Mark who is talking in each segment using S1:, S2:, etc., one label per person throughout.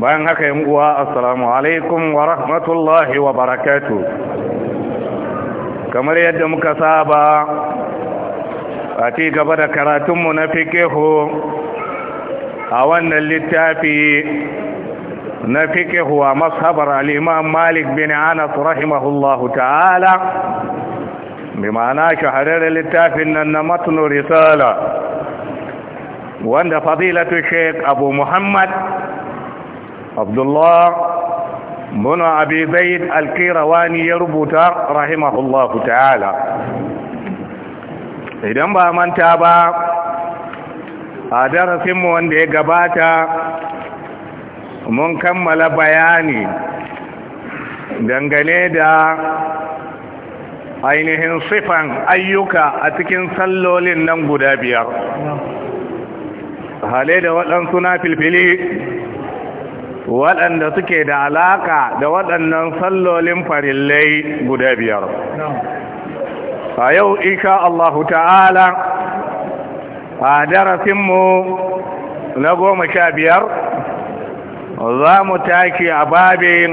S1: bayan haka yin uwa assalamu alaikum wa rahmatullahi wa barakatu kamar yadda muka saba a ci gaba da karatunmu na fikihu a wannan littafi na fikihu a mashabar al'imam malik bin anas rahimahullahu ta'ala bi ma'ana shahararren littafin nan na matnu risala wanda fadilatu sheik abu muhammad abdullah bin abi zaid al ya rubuta rahimahullahu ta'ala idan ba manta ba a darasinmu wanda ya gabata mun kammala bayani dangane da ainihin sifan ayyuka a cikin sallolin nan guda biyar hale da waɗansu na filfili waɗanda suke da alaƙa da waɗannan sallolin farillai guda biyar a yau isha Allahu ta'ala a darasinmu na goma sha biyar za mu taki a babin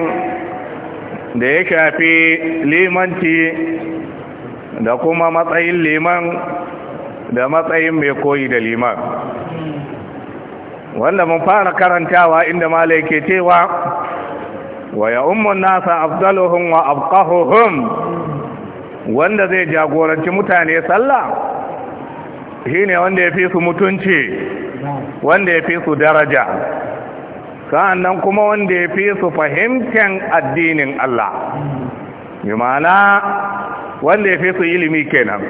S1: da ya shafi limanci da kuma matsayin liman da matsayin mai koyi da liman wanda mun fara karantawa inda malai ke cewa wa ya ummun nasa afdaluhum wa abqahuhum wanda zai jagoranci mutane sallah shine wanda ya fi su mutunci wanda ya fi su daraja sa'annan kuma wanda ya fi su fahimtan addinin Allah mana wanda ya fi su ilimi kenan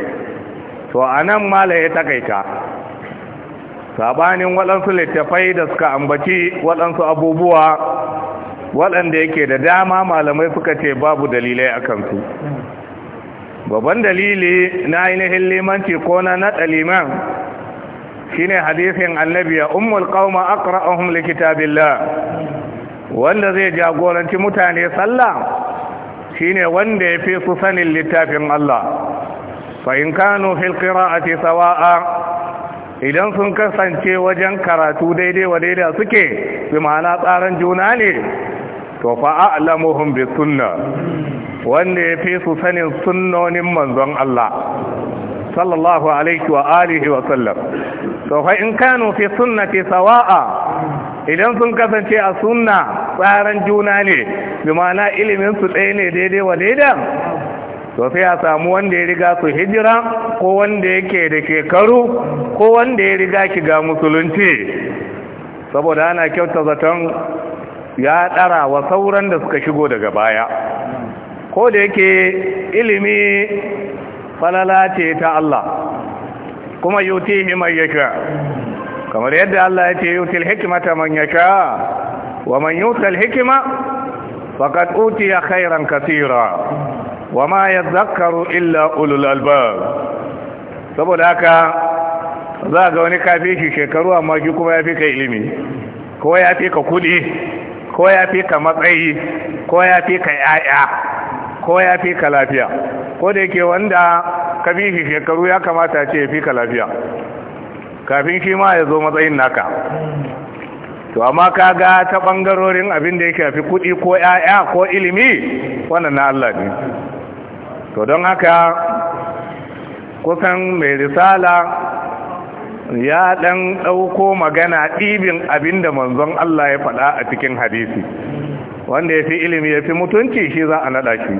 S1: to anan malai ya takaita sabanin waɗansu littafai da suka ambaci waɗansu abubuwa waɗanda yake da dama malamai suka ce babu dalilai a kansu babban dalili na ainihin limanci ko na naɗa liman shine hadisin annabi ya ummul qauma aqra'uhum likitabillah wanda zai jagoranci mutane sallah shine wanda ya fi su sanin littafin Allah fa in kanu a. qira'ati sawa'a idan sun kasance wajen karatu daidai wa daidai suke su ma'ana tsaran juna ne to fa'a a'lamuhum bi sunna wanda ya fi su sanin sunnonin manzon Allah sallallahu alaihi wa alihi wa sallam to fa in kanu fi sunnati sawa'a idan sun kasance a sunna tsaran juna ne bi ma'ana ilimin su ɗaya ne daidai wa daidai to sai a samu wanda ya riga su hijira ko wanda yake da shekaru ko wanda ya riga ki ga musulunci saboda ana kyauta zaton ya ɗara wa sauran da suka shigo daga baya ko da yake ilimi falala ce ta Allah kuma mai mai yasha kamar yadda Allah ya ce yuti hikmata man yasha wa man yuti hikma faqad utiya khairan katira wa ma ya zakaru illa ulul albab saboda haka za ga wani kafi shi shekaru amma shi kuma ya fi ka ilimi ko ya fi ka kudi ko ya fi ka matsayi ko ya fi ka yaya ko ya fi ka lafiya ko da yake wanda ka fi shi shekaru ya kamata ce ya fi ka lafiya kafin shi ma ya zo matsayin naka to amma ka ga ta ɓangarorin abin da ya fi kudi ko 'ya'ya ko ilimi wannan na Allah ne to don haka kusan mai risala ya ɗan ɗauko magana ɗibin abinda manzon Allah ya faɗa a cikin hadisi wanda ya fi ilimi ya fi mutunci shi za a naɗa shi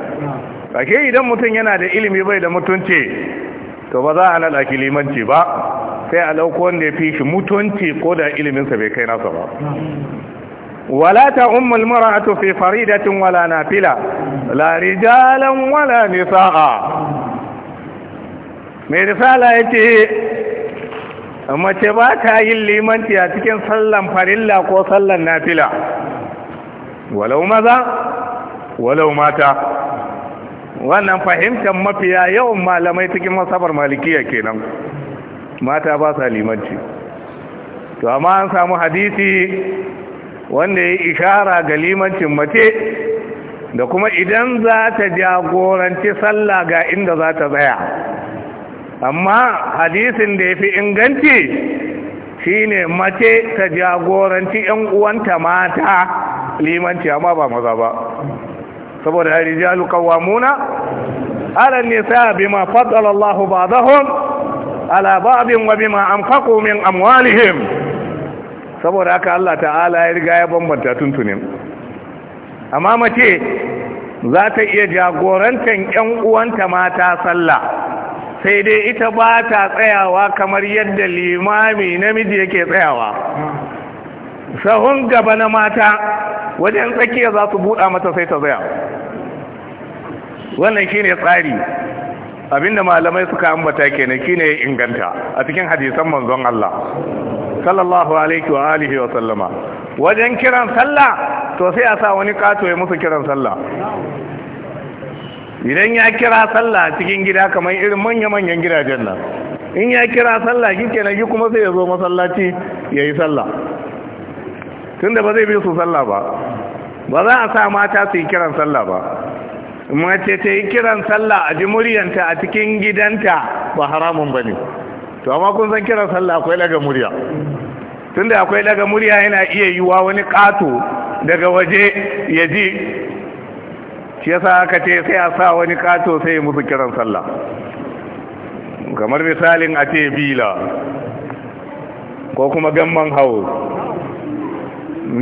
S1: ake idan mutum yana da ilimi bai da mutunci to ba za a naɗa shi limanci ba sai a ɗauko wanda ya fi shi mutunci ko da iliminsa bai kai nasa ba ولا تأم المرأة في فريدة ولا نافلة لا رجالا ولا نساء mai risala ya ce mace ba ta yin limanci a cikin sallan farilla ko sallan nafila walau maza walau mata wannan fahimtar mafiya yawan malamai cikin masabar malikiya kenan mata ba sa limanci to amma an samu hadisi wanda ya ishara ga limancin mace da kuma idan za ta jagoranci sallah ga inda za ta tsaya amma hadisin da ya fi inganci shine mace ta jagoranci 'yan uwanta mata limanci amma ba maza ba saboda rijalu qawwamuna ala nisa bima fadalallahu ba zahon, ala babin wa bima amfaku min amwalihim saboda haka Allah ta'ala ya riga ya bambanta tuntunin amma mace za ta iya jagorantar 'yan uwanta mata sallah sai dai ita ba ta tsayawa kamar yadda limami namiji yake tsayawa sahun gaba na mata wajen tsakiya za su buɗa mata sai ta tsaya wannan shine tsari abinda malamai suka ambata kenan shine inganta a cikin hadisan manzon Allah sallallahu alaihi wa alihi wa sallama wajen kiran sallah to sai a sa wani kato ya musu kiran sallah idan ya kira sallah cikin gida kamar irin manya-manyan gidajen nan in ya kira sallah shi na gi kuma sai ya zo masallaci ya yi sallah tunda ba zai bi su sallah ba ba za a sa mata su yi kiran sallah ba mace ta yi kiran sallah a ji muryanta a cikin gidanta ba haramun ba ne to amma kun san kiran sallah akwai daga murya tunda akwai daga murya yana iya yiwa wani kato daga waje ya ji shi yasa aka ce sai a sa wani kato sai musu kiran sallah kamar misalin a ce bila ko kuma gamman house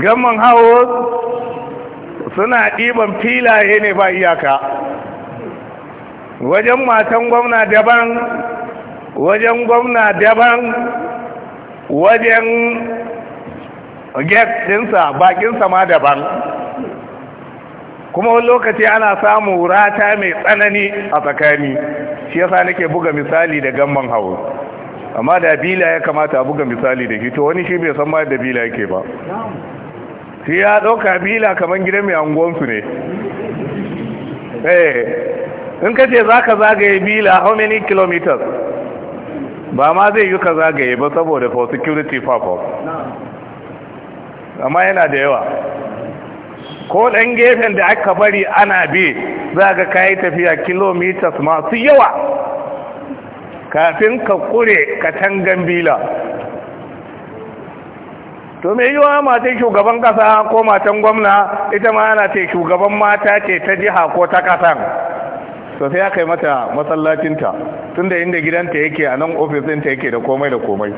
S1: gamman house suna ɗiban filaye ne ba iyaka wajen matan gwamna daban wajen gwamna daban wajen get ɗinsa bakinsa ma daban kuma wani lokaci ana samun rata mai tsanani a tsakani shi yasa nake buga misali da gamman hau amma da bila ya kamata a buga misali da hito to wani shi bai san da bila yake ba shi ya ɗauka bila kamar gidan mai angonsu ne eh in kace zaka zagaye bila how many kilometers ba ma zai yi ka zagaye ba saboda for security purpose amma yana da yawa ko ɗan gefen da aka bari ana bi za ga ka tafiya kilomitas masu yawa kafin ka kure ka tangan bila to mai yiwa matan shugaban kasa ko matan gwamna ita ma ana ce shugaban mata ce ta jiha ko ta kasan to sai aka yi mata masallacinta tunda inda gidanta yake a nan ofis yake da komai da komai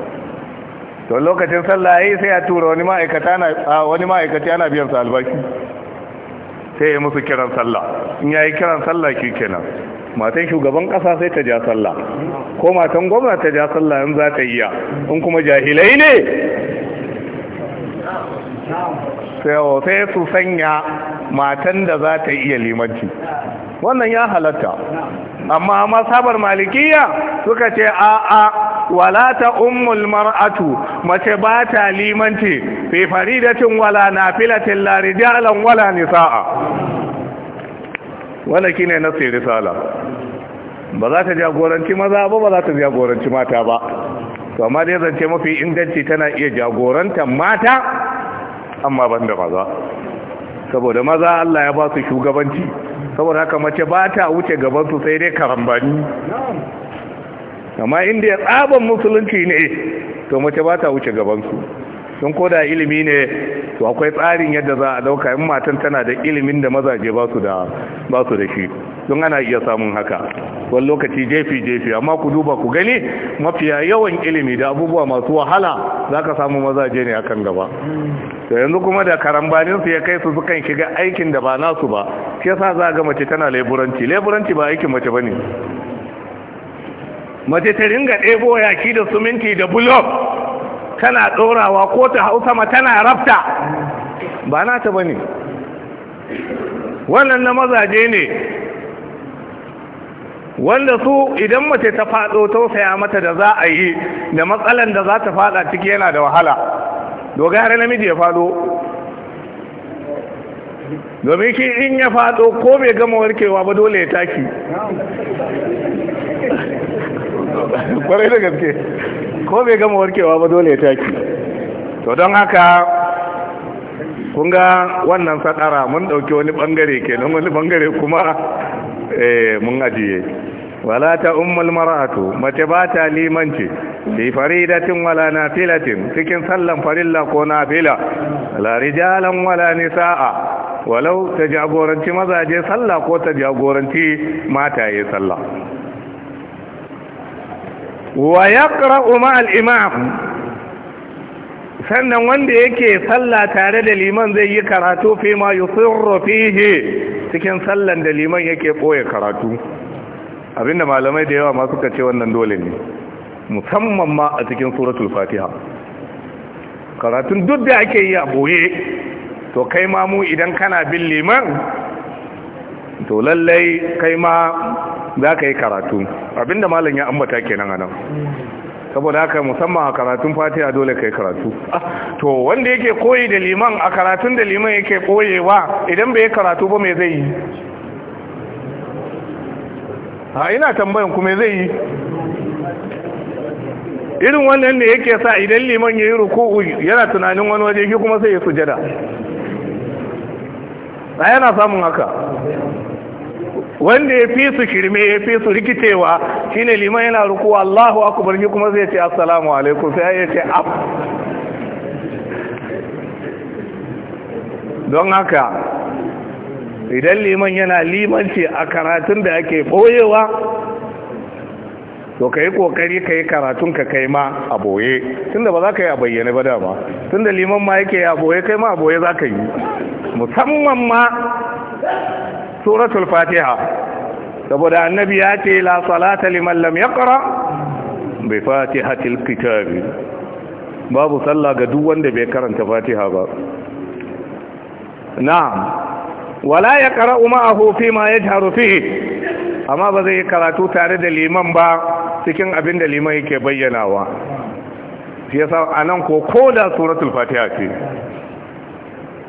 S1: to lokacin sallah yayi sai a tura wani ma'aikata na wani ma'aikata yana biyan sa albashi sai ya musu kiran sallah in yayi kiran sallah kenan matan shugaban kasa sai ta ja sallah ko matan gwamnati ta ja sallah in za ta yi ya, in kuma jahilai ne sai su sanya matan da za ta iya limanci wannan ya halatta amma masabar malikiya suka ce a'a wala ta umul mar'atu mace ba ta limanci fi faridatin wala nafilatin la rijalan wala nisaa wala kine sai risala ba za ta jagoranci maza ba ba za ta jagoranci mata ba to amma dai zance mafi inganci tana iya jagorantar mata amma ban da maza saboda maza Allah ya ba su shugabanci saboda haka mace ba ta wuce gabansu sai dai karambani amma inda ya tsaban musulunci ne to mace ba ta wuce gabansu sun koda ilimi ne to akwai tsarin yadda za a dauka in matan tana da ilimin da mazaje ba su da shi don ana iya samun haka wani lokaci jefi-jefi amma ku duba ku gani mafiya yawan ilimi da abubuwa masu wahala za ka samu mazaje ne akan gaba da yanzu kuma da karambaninsu ya kai su sukan shiga aikin da ba nasu ba shi yasa za ga mace tana leburanci leburanci ba aikin mace ba ne mace ta ringa ɗebo yaki da suminti da bulok tana ɗorawa ko ta hau sama tana rafta ba nata ba ne wannan na mazaje ne wanda su idan mace ta faɗo tausaya mata da za a yi da matsalan da za ta faɗa ciki yana da wahala doga har namiji ya faɗo domin shi in ya faɗo ko bai gama warkewa ba dole ya taki kwarai da gaske ko bai gama warkewa ba dole ya taki to don haka kun ga wannan sadara mun ɗauki wani ɓangare kenan wani ɓangare kuma eh mun ajiye wala ta ummul mar'atu mace ba ta limanci fi faridatin wala nafilatin cikin sallan farilla ko nafila la rijalan wala nisaa walau ta jagoranci mazaje salla ko ta jagoranci mataye sallah wa yaqra'u ma al-imam sannan wanda yake sallah tare da liman zai yi karatu fi ma yusirru fihi cikin sallan da liman yake boye karatu abinda malamai da yawa ma suka ce wannan dole ne musamman ma a cikin suratul fatiha karatun duk da ake yi a boye to kai ma mu idan kana bin liman to lallai kai ma za ka yi karatu abinda malam ya ambata kenan a nan. saboda haka musamman a karatun fatiha dole kai karatu to wanda yake koyi da liman a karatun da liman yake koyewa idan bai karatu ba me zai yi a ina tambayan kuma zai yi irin wannan ne yake sa idan liman ya yi ruku'u yana tunanin wani waje ki kuma sai ya sujada a yana samun haka wanda ya fi su shirme ya fi su rikicewa shine liman yana rukuwa Allahu akbar shi kuma zai ce assalamu alaikum sai ya ce af don haka idan liman yana limanci a karatun da ake boyewa to ka kokari ka yi karatun ka kai ma a boye tunda ba za ka yi a bayyane ba dama tunda liman ma yake a boye kai ma a boye za ka yi musamman ma suratul fatiha saboda annabi ya ce la salata liman lam yaqra bi fatihatil kitab babu sallah ga duk wanda bai karanta fatiha ba na'am wala yaqra'u ma'ahu fi ma yajharu fihi amma ba zai karatu tare da liman ba cikin abin da liman yake bayyanawa shi yasa anan ko koda suratul fatiha ce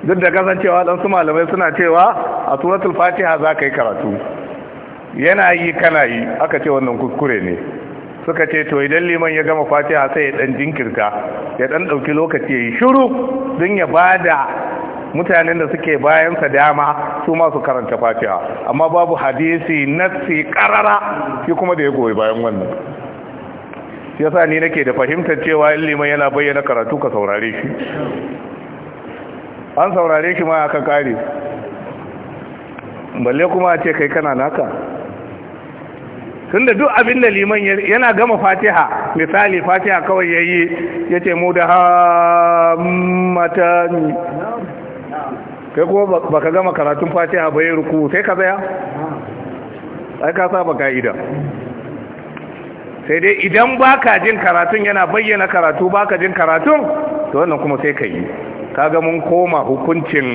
S1: duk da kasancewa dan su malamai suna cewa a suratul fatiha za ka yi karatu yana yi kana yi aka ce wannan kuskure ne suka ce to idan liman ya gama fatiha sai ya dan jinkirta ya dan dauki lokaci ya yi shiru don ya da mutanen da suke bayansa dama su masu karanta fatiha amma babu hadisi nassi karara shi kuma da ya goyi bayan wannan yasa ni nake da fahimtar cewa in liman yana bayyana karatu ka saurare shi an saurare shi ma aka kare balle kuma a ce kai kana naka tunda duk abin da liman yana gama fatiha misali fatiha kawai ya yi ya ce mu da hamata kai kuma ba ka gama karatun fatiha ba ya ruku sai ka zaya ai ka saba ka'ida sai dai idan baka jin karatun yana bayyana karatu baka jin karatun to wannan kuma sai ka yi kaga mun koma hukuncin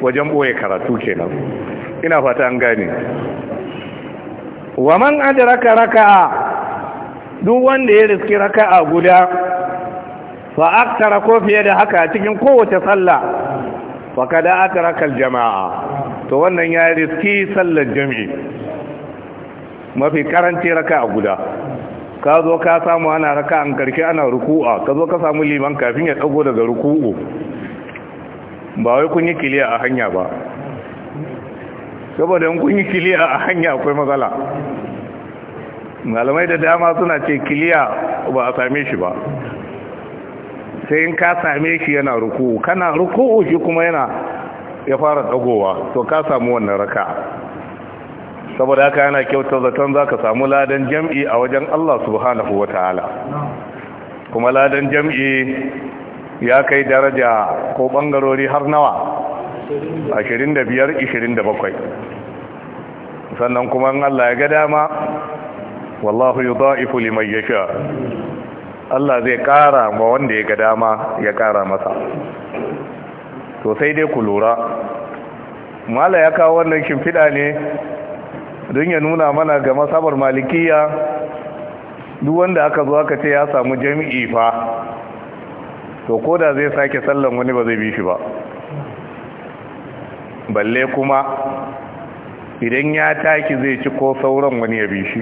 S1: wajen boye karatu kenan ina fata an gane wa man adraka raka'a duk wanda ya riski raka'a guda fa aktara ko fiye da haka cikin kowace sallah fa kada atraka aljamaa to wannan ya riski sallar jami'i mafi karanci raka'a guda ka zo ka samu ana raka'an karshe ana ruku'a ka zo ka samu liman kafin ya dago daga ruku'u ba wai kun yi kiliya a hanya ba saboda kun yi kiliya a hanya akwai matsala malamai da dama suna ce kiliya ba a same shi ba sai in ka same shi yana ruku kana ruku shi kuma yana ya fara dagowa to ka samu wannan raka saboda haka yana kyauta zaton za ka samu ladan jam'i a wajen Allah subhanahu wa ta'ala kuma ladan jam'i ya kai daraja ko bangarori har nawa 25 27 sannan kuma Allah ya ga dama wallahu yudha'ifu liman yasha Allah zai kara ma wanda ya ga dama ya kara masa to sai dai ku lura mala ya kawo wannan shimfiɗa ne don ya nuna mana ga masabar malikiya duk wanda aka zo aka ce ya samu jami'i fa to ko da zai sake sallan wani ba zai bi shi ba balle kuma idan ya taki zai ci ko sauran wani ya bi shi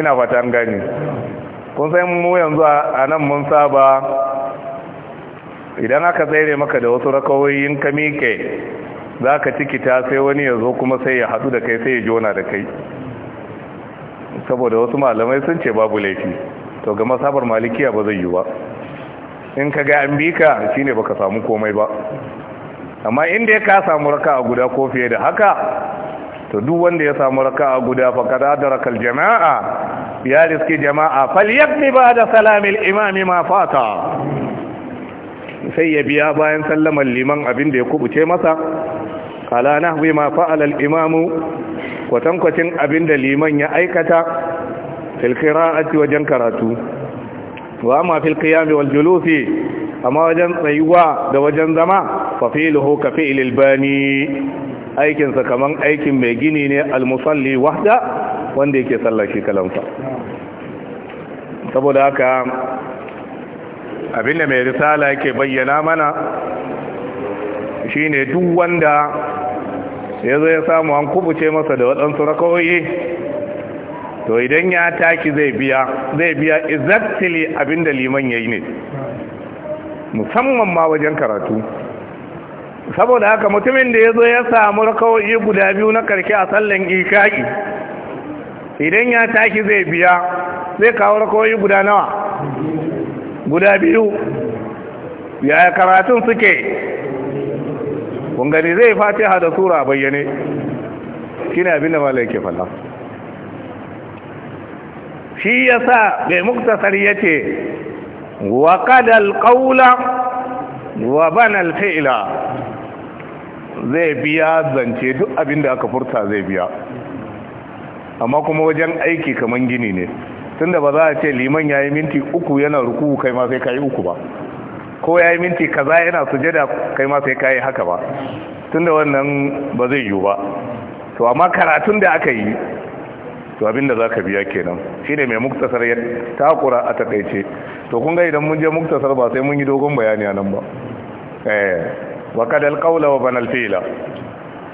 S1: ina fata an gani kun sai mu yanzu a nan mun saba idan aka tsere maka da wasu rakawoyin ka miƙe za ka cikita sai wani ya zo kuma sai ya hadu da kai sai ya jona da kai saboda wasu malamai sun ce babu laifi to ga masabar malikiya ba zai yi ba in ka ga an bi ka shine baka samu komai ba amma inda ka samu a guda ko fiye da haka to duk wanda ya samu a guda fa kada darakal jama'a ya riski jama'a Fal falyabni ba'da salamil imami ma fata sai ya biya bayan sallamar liman abin da ya kubuce masa kala nahwi ma fa'ala al-imamu kwatankwacin abin da liman ya aikata fil wajen karatu wa ma fil wal julusi amma wajen tsayuwa da wajen zama fa fi'luhu ka fi'lil bani aikin sa kaman aikin mai gini ne al musalli wahda wanda yake sallah shi saboda haka abinda mai risala yake bayyana mana shine duk wanda ya zo ya samu an kubuce masa da waɗansu rakawoyi to idan ya taki zai biya zai biya exactly abinda liman yayi ne musamman ma wajen karatu saboda haka mutumin da ya zo ya samu rakawai guda biyu na karshe a sallan ikaki idan ya taki zai biya zai kawo rakawai guda nawa guda biyu yaya karatun suke gani zai fatiha da sura bayyane shi ne abinda malaike fallon shi ya sa mai muktasar yace wa qada ƙaula wa banal alfi'la zai biya zance duk abinda aka furta zai biya amma kuma wajen aiki kamar gini ne tunda ba za a ce liman ya yi minti uku yana ruku kai ma sai yi uku ba ko ya yi minti kaza yana sujada kai ma sai yi haka ba tunda wannan ba zai yiwu ba to amma karatun da aka yi to abinda zaka biya kenan shine mai muktasar ya takura a takaice to kun ga idan mun je muktasar ba sai mun yi dogon bayani anan ba eh wa kadal qawla wa banal fi'la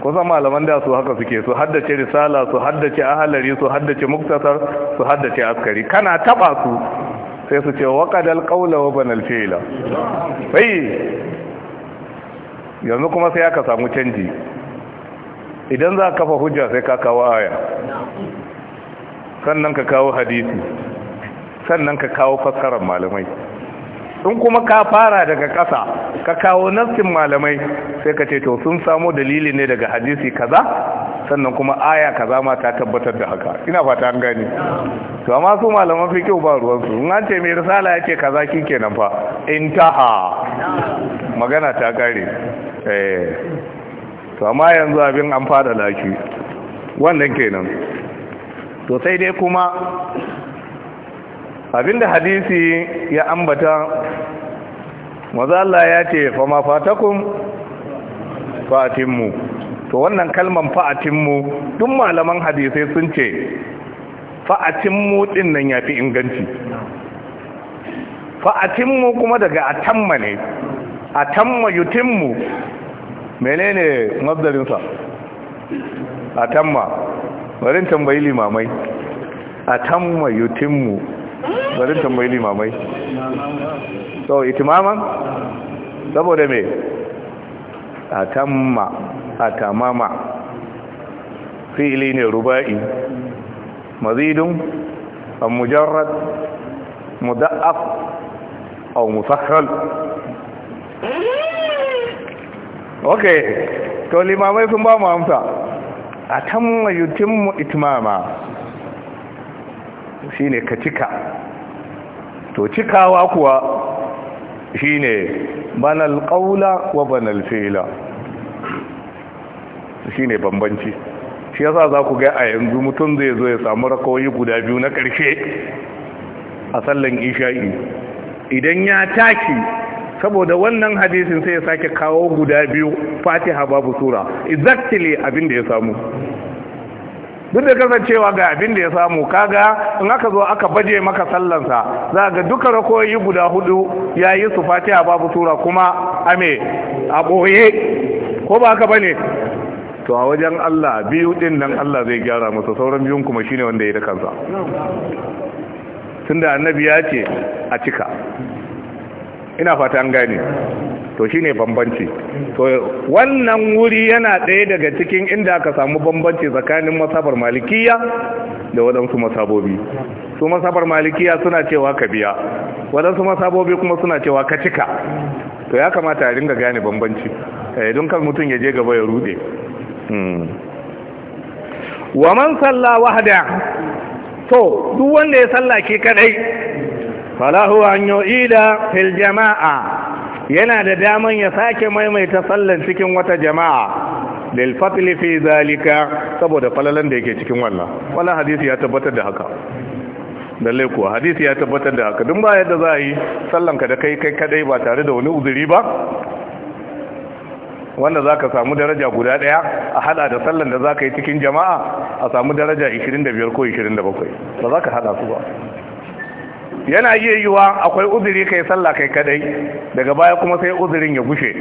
S1: kusan malaman da su haka suke su haddace risala su haddace ahalari su haddace muktasar su haddace askari kana taba su sai su ce waqadal qawla wa banal fi'la bai yanzu kuma sai aka samu canji idan za ka kafa hujja sai ka kawo aya sannan ka kawo hadisi sannan ka kawo fassarar malamai in kuma ka fara daga ƙasa ka kawo nassin malamai sai ka ce to sun samo dalili ne daga hadisi kaza sannan kuma aya kaza ma ta tabbatar da haka ina fata an gani to amma su malaman kyau ba ruwan su in an ce mai risala yake kaza kenan fa intaha magana ta kare eh to amma yanzu abin an fada laki wannan kenan to sai dai kuma abinda hadisi ya ambata maza Allah ya ce fama fatakun fa'atinmu to wannan kalman fa'atinmu duk malaman hadisai sun ce fa'atinmu din nan ya fi inganci fa'atinmu kuma daga atamma ne atamma yutinmu menene mazdarinsa atamma barin tambayi limamai a tamma yutimmu barin tambayi limamai so itimaman saboda me a tamma a tamama fi'ili ne ruba'i mazidun an mujarrad muda'af aw mufakhal okay to limamai sun ba mu amsa a tan mayutinmu itmama shi ne ka cika to cikawa kuwa shi banal ƙaula wa banal fela shi ne bambanci shi yasa za ku ga a yanzu mutum zai zo ya samu rakawai guda biyu na ƙarshe a sallan isha'i idan ya taki saboda wannan hadisin sai ya sake kawo guda biyu fatiha babu sura exactly abin da ya samu duk da kasancewa ga abin da ya samu kaga in aka zo aka baje maka sallansa za ga duka rakoyi guda hudu ya yi su fatiha babu sura kuma ame a ɓoye ko ba haka bane to a wajen Allah biyu din nan Allah zai gyara masa sauran biyun kuma shine wanda ya da kansa tunda annabi ya ce a cika ina fata an gane to shi ne bambanci to wannan wuri yana ɗaya daga cikin inda aka samu bambanci tsakanin masabar malikiya da waɗansu masabobi su masabar malikiya suna cewa ka biya waɗansu masabobi kuma suna cewa ka cika to ya kamata a ringa gane bambanci eh, don kan mutum ya je gaba ya rude hmm. wa man salla wahda to duk wanda ya sallah ke kadai falahu an yu'ida fil jama'a yana da daman ya sake maimaita sallan cikin wata jama'a lil fatli fi zalika saboda falalan da yake cikin wannan Wala hadisi ya tabbatar da haka dalle kuwa hadisi ya tabbatar da haka dun ba yadda za a yi sallanka da kai kai kadai ba tare da wani uzuri ba wanda za ka samu daraja guda daya a hada da sallan da za ka yi cikin jama'a a samu daraja 25 ko 27 ba za ka hada su ba yana iya yiwa akwai uzuri kai sallah kai kadai daga baya kuma sai uzurin ya gushe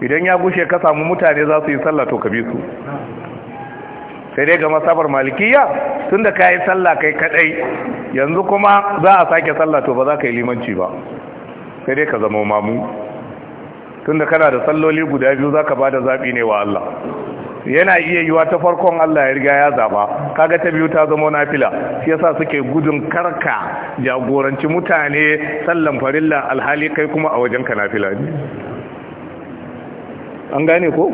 S1: idan ya gushe ka samu mutane za su yi sallah to ka bi su sai dai ga masabar malikiya tunda ka yi sallah kai kadai yanzu kuma za a sake sallah to ba za ka yi limanci ba sai dai ka zama mamu tunda kana da salloli guda biyu za ka ba da zaɓi ne wa Allah yana iya yiwa ta farkon Allah ya riga ya zaba kaga ta biyu ta zama nafila shi yasa suke gudun karka jagoranci mutane sallan farilla alhali kai kuma a wajen ka nafila ne an gane ko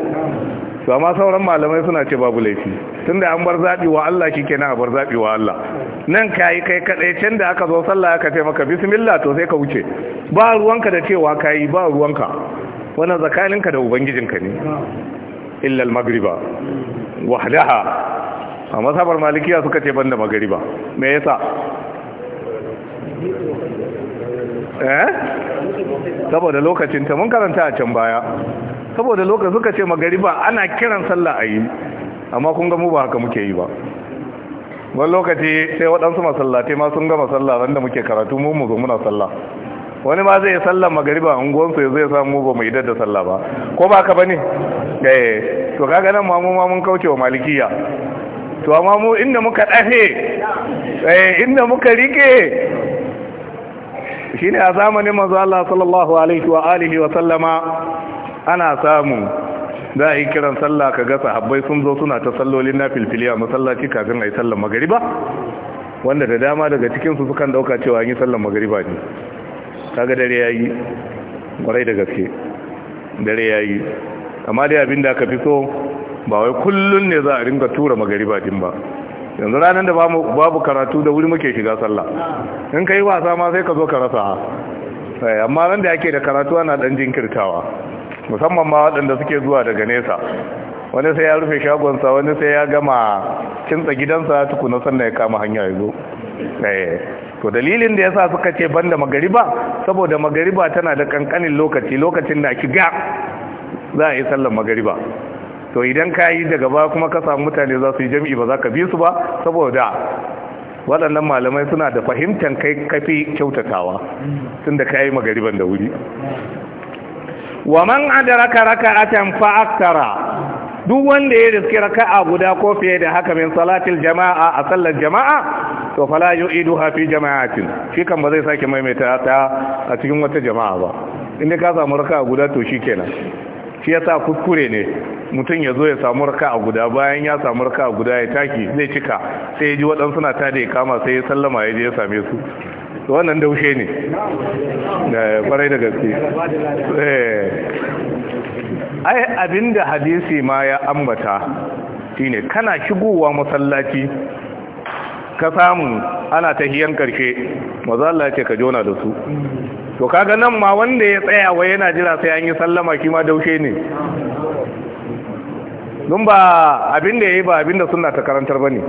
S1: to amma sauran malamai suna ce babu laifi tunda an bar zabi wa Allah shikenan a bar zabi wa Allah nan kai kai kadai can da aka zo sallah aka ce maka bismillah to sai ka wuce ba ruwanka da cewa kai ba ruwanka wannan zakalinka da ubangijinka ne illa al وحدها wahdaha a masabar malikiya suka ce banda magariba me yasa eh saboda lokacin ta mun karanta a can baya saboda lokacin suka ce magariba ana kiran sallah ayi amma kun ga mu ba haka muke yi ba wani lokaci sai waɗansu masallatai ma sun gama sallah wanda muke karatu mu mu zo muna sallah wani ma zai sallar magariba unguwansa zai samu ba mu idar da sallah ba ko ba ka bane eh to kaga nan mamu ma mun kauce wa malikiya to amma mu inda muka dafe eh inda muka rike shine a zamanin manzo Allah sallallahu alaihi wa alihi wa sallama ana samu za a yi kiran sallah ka ga sahabbai sun zo suna ta sallolin na filfili a masallaci kafin a yi sallar magariba wanda da dama daga cikinsu sukan dauka cewa an yi sallar magariba ne kaga dare yayi kwarai da gaske dare yayi amma dai abin da ka fi so ba wai kullun ne za a ringa tura magariba din ba yanzu ranar da babu karatu da wuri muke shiga sallah in ka yi wasa ma sai ka zo ka rasa eh, amma ran da yake da karatu ana dan jinkirtawa musamman ma waɗanda suke zuwa daga nesa wani sai ya rufe shagonsa wani sai ya gama kintsa gidansa tukuna sannan ya kama hanya ya zo eh. to dalilin da yasa suka ce banda magariba saboda magariba tana da kankanin lokaci lokacin da ki ga za a yi sallar magariba to idan ka yi daga ba kuma ka samu mutane za su yi jami'i ba za ka bi su ba saboda waɗannan malamai suna da fahimtar kai kafi kyautatawa tun da ka yi magariban da wuri wa man adaraka raka'atan fa aktara duk wanda ya riski raka'a guda ko fiye da haka min salatil jama'a a sallar jama'a to fala hafi fi jama'atin shi kan ba zai sake maimaita ta a cikin wata jama'a ba inda ka samu raka'a guda to shikenan shi yasa kuskure ne mutum ya zo ya samu raka'a guda bayan ya samu raka'a guda ya taki zai cika sai ya ji waɗansu suna ta da ya kama sai ya sallama ya je ya same su wannan daushe ne eh, kwarai da gaske eh. ai abinda hadisi ma ya ambata shine kana shigowa masallaci ka samu ana tahiyan karshe mazalla Allah ce ka jona da su to kaga nan ma wanda ya tsaya wa yana jira sai an yi sallama shi ma daushe ne don ba abinda yayi ba abinda sunna ta karantar bane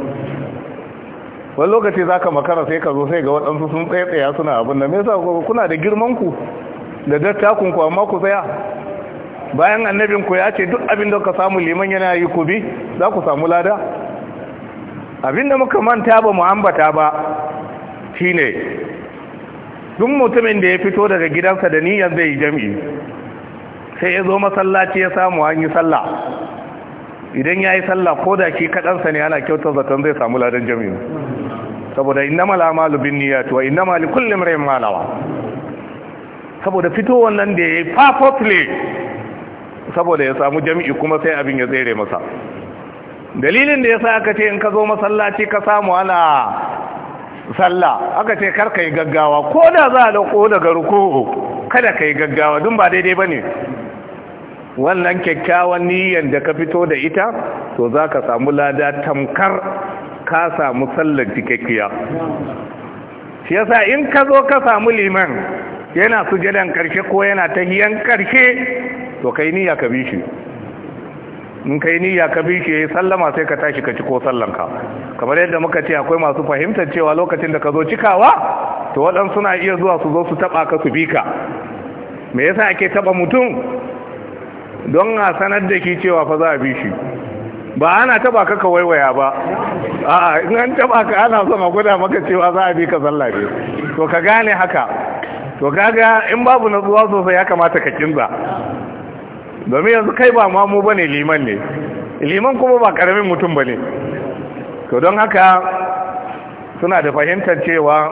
S1: wani lokaci zaka makara sai ka zo sai ga waɗansu sun tsaya tsaya suna abin da me yasa kuna da girman ku da dattakun ku amma ku tsaya bayan annabin ku ya ce duk abin da ka samu liman yana yi ku bi za ku samu lada abin da muka manta ba mu ambata ba shine duk mutumin da ya fito daga gidansa da niyyar zai yi jami'i sai ya zo masallaci ya samu an yi sallah idan ya yi sallah ko da shi kaɗansa ne ana kyautar zaton zai samu ladan jami'i saboda inna mala malu bin niyyat wa inna mali kullum rayin malawa saboda fito wannan da ya yi purposely saboda ya samu jami'i kuma sai abin ya tsere masa dalilin da ya sa aka ce in ka zo masallaci ka samu ana sallah aka ce karka yi gaggawa ko da za a dauko daga ruku kada ka yi gaggawa dun ba daidai ba ne wannan kyakkyawan niyyar da ka fito da ita to za ka samu lada tamkar ka samu sallar cikakkiya shi yasa in ka zo ka samu liman yana sujadan karshe ko yana ta hiyan karshe to kai niyya ka bi shi in kai niyya ka bi shi sallama sai ka tashi ka ci ko sallanka kamar yadda muka ce akwai masu fahimtar cewa lokacin da ka zo cikawa to waɗansu suna iya zuwa su zo su taɓa ka su bi ka me yasa ake taɓa mutum don a sanar da ki cewa fa za a bi shi ba ana taba ka waiwaya ba a'a in an taba ka ana son a guda maka cewa za a bi ka sallah ne to ka gane haka to kaga in babu nutsuwa sosai ya kamata ka kinza domin yanzu kai ba mamu ba ne liman ne liman kuma ba karamin mutum ba ne to don haka suna da fahimtar cewa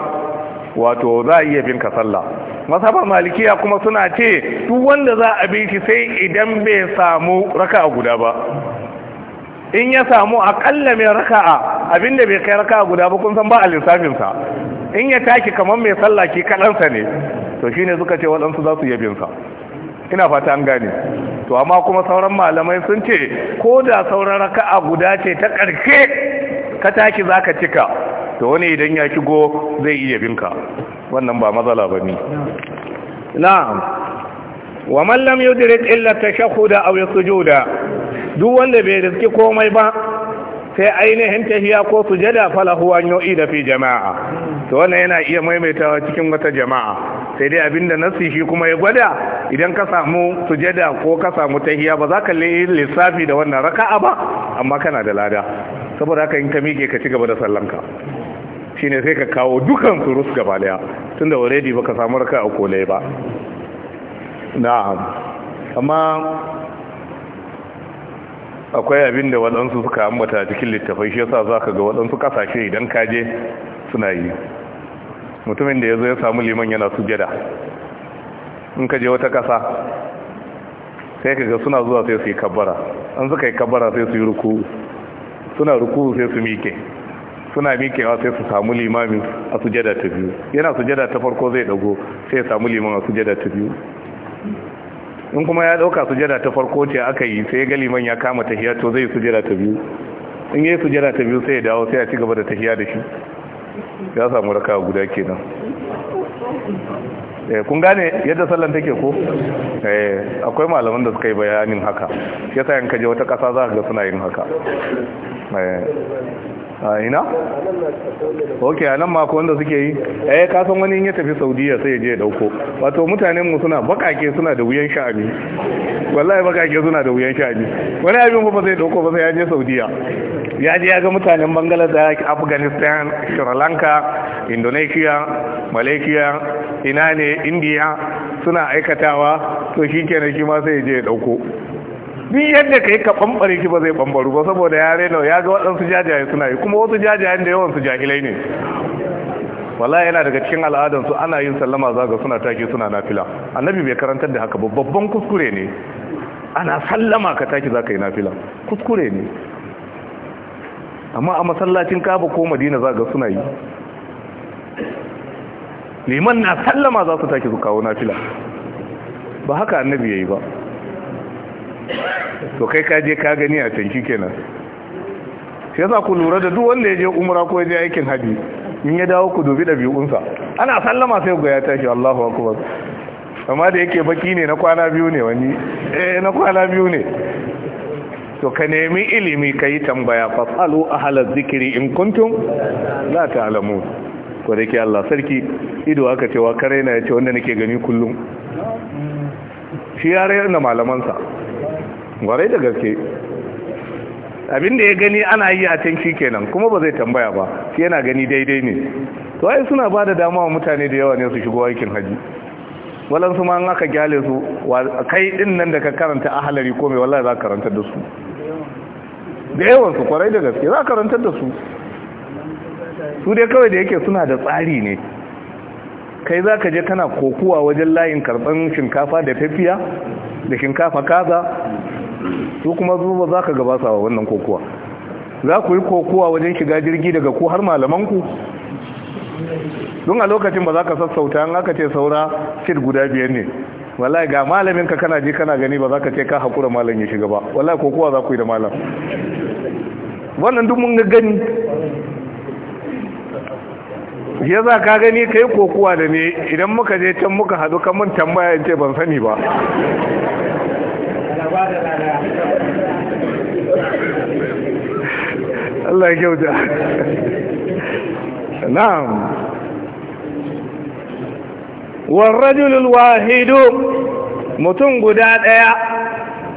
S1: wato za a iya bin ka sallah masabar malikiya kuma suna ce duk wanda za a bin shi sai idan bai samu raka'a guda ba in ya samu akalla mai raka'a abinda bai kai raka'a guda ba kun san ba a lissafinsa in ya taki kamar mai sallah ki kaɗansa ne to shine suka ce waɗansu za su iya bin ina fata an gane to amma kuma sauran malamai sun ce ko da sauran raka'a guda ce ta ƙarshe ka tashi zaka cika to wani idan ya shigo zai iya binka wannan ba matsala ba ne na'am wa man lam yudrik illa tashahhuda aw yasujuda duk wanda bai riski komai ba sai ainihin tahiya ko sujada huwa yau'i da fi jama'a to wannan yana iya maimaitawa cikin wata jama'a sai dai abinda nasi shi kuma ya gwada idan ka samu sujada ko ka samu tahiya ba za ka lissafi da wannan raka'a ba amma kana da lada saboda haka in ka mike ka ci gaba da sallanka shine sai ka kawo dukan rus gaba daya tunda already baka samu raka'a kolai ba na'am amma akwai abin da waɗansu suka ambata cikin littafai shi yasa za ka ga waɗansu ƙasashe idan ka je suna yi mutumin da ya zo ya samu liman yana sujada in ka je wata ƙasa sai ka ga suna zuwa sai su yi kabbara an suka yi kabbara sai su yi ruku suna ruku sai su mike suna mikewa sai su samu limami a sujada ta biyu yana sujada ta farko zai dago sai ya samu liman a sujada ta biyu in kuma ya dauka sujada ta farko ce aka yi sai ga liman ya kama tahiya to zai sujada ta biyu in yayi sujada ta biyu sai ya dawo sai ya cigaba da tahiya da shi ya samu raka guda kenan eh kun gane yadda sallan take ko eh akwai malaman da suka yi bayanin haka yasa in je wata kasa za ka ga suna yin haka eh a ina? ok a nan mako wanda suke yi eh kasan wani ya tafi saudiya sai je dauko wato mutanen mu suna bakake suna da wuyan sha'ani wallahi bakake suna da wuyan sha'ani wani abin ba zai dauko ba sai ya je saudiya ya je ya ga mutanen bangladesh afghanistan sri lanka indonesia malaysia ina ne india suna aikatawa to shi kenan shi ma sai ya je ya dauko ni yadda ka yi ka ɓamɓare shi ba zai bambaru ba saboda ya rena ya ga waɗansu jajaye suna yi kuma wasu jajayen da yawan su jahilai ne wallahi yana daga cikin al'adansu ana yin sallama za ga suna take suna nafila annabi bai karantar da haka ba babban kuskure ne ana sallama ka take za ka yi nafila kuskure ne amma a masallacin kaba ko madina za ga suna yi liman na sallama za su take su kawo nafila ba haka annabi ya yi ba to kai ka je ka gani a can kenan sai za ku lura da duk wanda ya je umra ko ya je aikin haji in ya dawo ku dubi ɗabi'unsa ana sallama sai ga ya tashi Allahu akbar amma da yake baki ne na kwana biyu ne wani eh na kwana biyu ne to ka nemi ilimi ka yi tambaya fasalu halar zikiri in kuntum la ta'lamu ko da ke Allah sarki ido aka cewa kare na ya ce wanda nake gani kullum shi ya rayar da malamansa gwarai da gaske abin da ya gani ana yi a can shi kenan kuma ba zai tambaya ba shi yana gani daidai ne to ai suna ba da dama wa mutane da yawa ne su shigo aikin haji su ma an aka gyale su kai din nan da ka karanta ahalari ko mai wallahi za ka karanta da su da yawan su kwarai da gaske za ka karantar da su su dai kawai da yake suna da tsari ne kai za ka je kana kokuwa wajen layin karban shinkafa da tafiya da shinkafa kaza su kuma zuwa za ka gabasa wa wannan kokowa za ku yi kokowa wajen shiga jirgi daga ku har malamanku don a lokacin ba za ka sassauta an aka ce saura fit guda biyar ne wallahi ga malamin ka kana ji kana gani ba za ka ce ka haƙura malam ya shiga ba wallahi kokowa za ku yi da malam wannan duk mun gani ya za ka gani ka yi kokowa da ne idan muka je can muka haɗu kan mun tambaya in ce ban sani ba Allah ya kyauta na'am warrajulul wahidu mutum guda ɗaya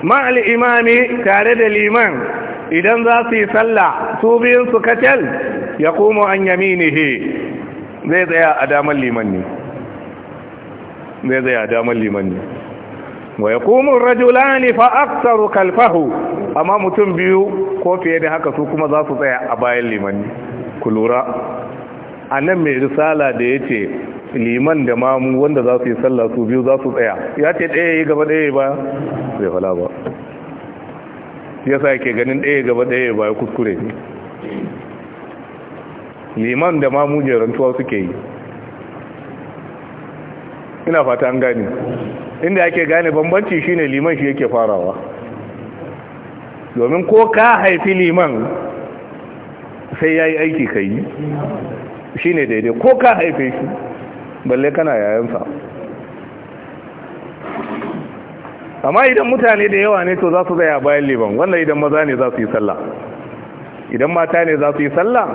S1: ma'al imami tare da liman idan za su yi sallah su biyun su kacal ya komo an yaminihi zai tsaya a damar liman ne zai tsaya a damar liman ne wa kumun rajulani fa aktsaru kalfahu amma mutum biyu ko fiye da haka su kuma za su tsaya a bayan liman ku lura anan mai risala da ya ce liman da mamu wanda za su yi sallah su biyu za su tsaya ya ce ɗaya yi gaba ɗaya ba zai fala ba ya sa ke ganin ɗaya gaba ɗaya ba ya kuskure liman da mamu jerantuwa suke yi ina fata an gani inda ake gane bambanci shine liman shi yake farawa domin ko ka haifi liman sai ya yi aiki ka yi shi ne daidai ko ka haife shi balle kana yayansa amma idan mutane da yawa ne to za su zaya bayan liman wannan idan maza ne za su yi sallah idan mata ne za su yi sallah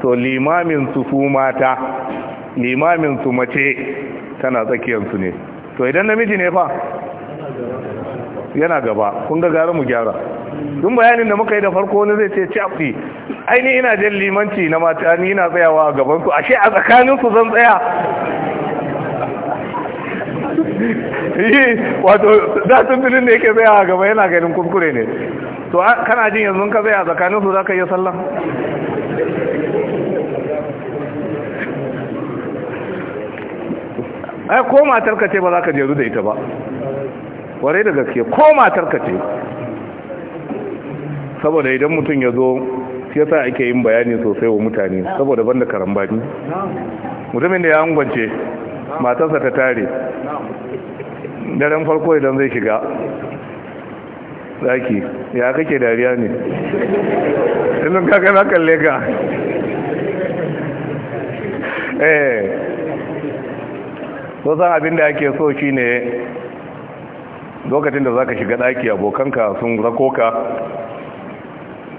S1: to limamin su su mata limamin su mace tana tsakiyarsu ne to idan namiji ne fa yana gaba kun ga gara mu gyara dun bayanin da muka yi da farko wani zai ce ci afi aini ina jan limanci na mata ni ina tsayawa a gaban ku ashe a tsakanin su zan tsaya yi wato da filin da yake tsayawa a gaba yana ganin kuskure ne to kana jin yanzu ka tsaya a tsakanin su za ka iya sallah ai ko matar ka ce ba za ka jeru da ita ba ware da gaske ko matar ka ce saboda idan mutum ya zo yasa ake yin bayani sosai wa mutane saboda banda karambani mutumin da ya angwance matarsa ta tare daren farko idan zai shiga zaki ya kake dariya ne inda kakana kalle ka eh so san abin da ake so shine lokacin da zaka shiga daki abokanka sun rako ka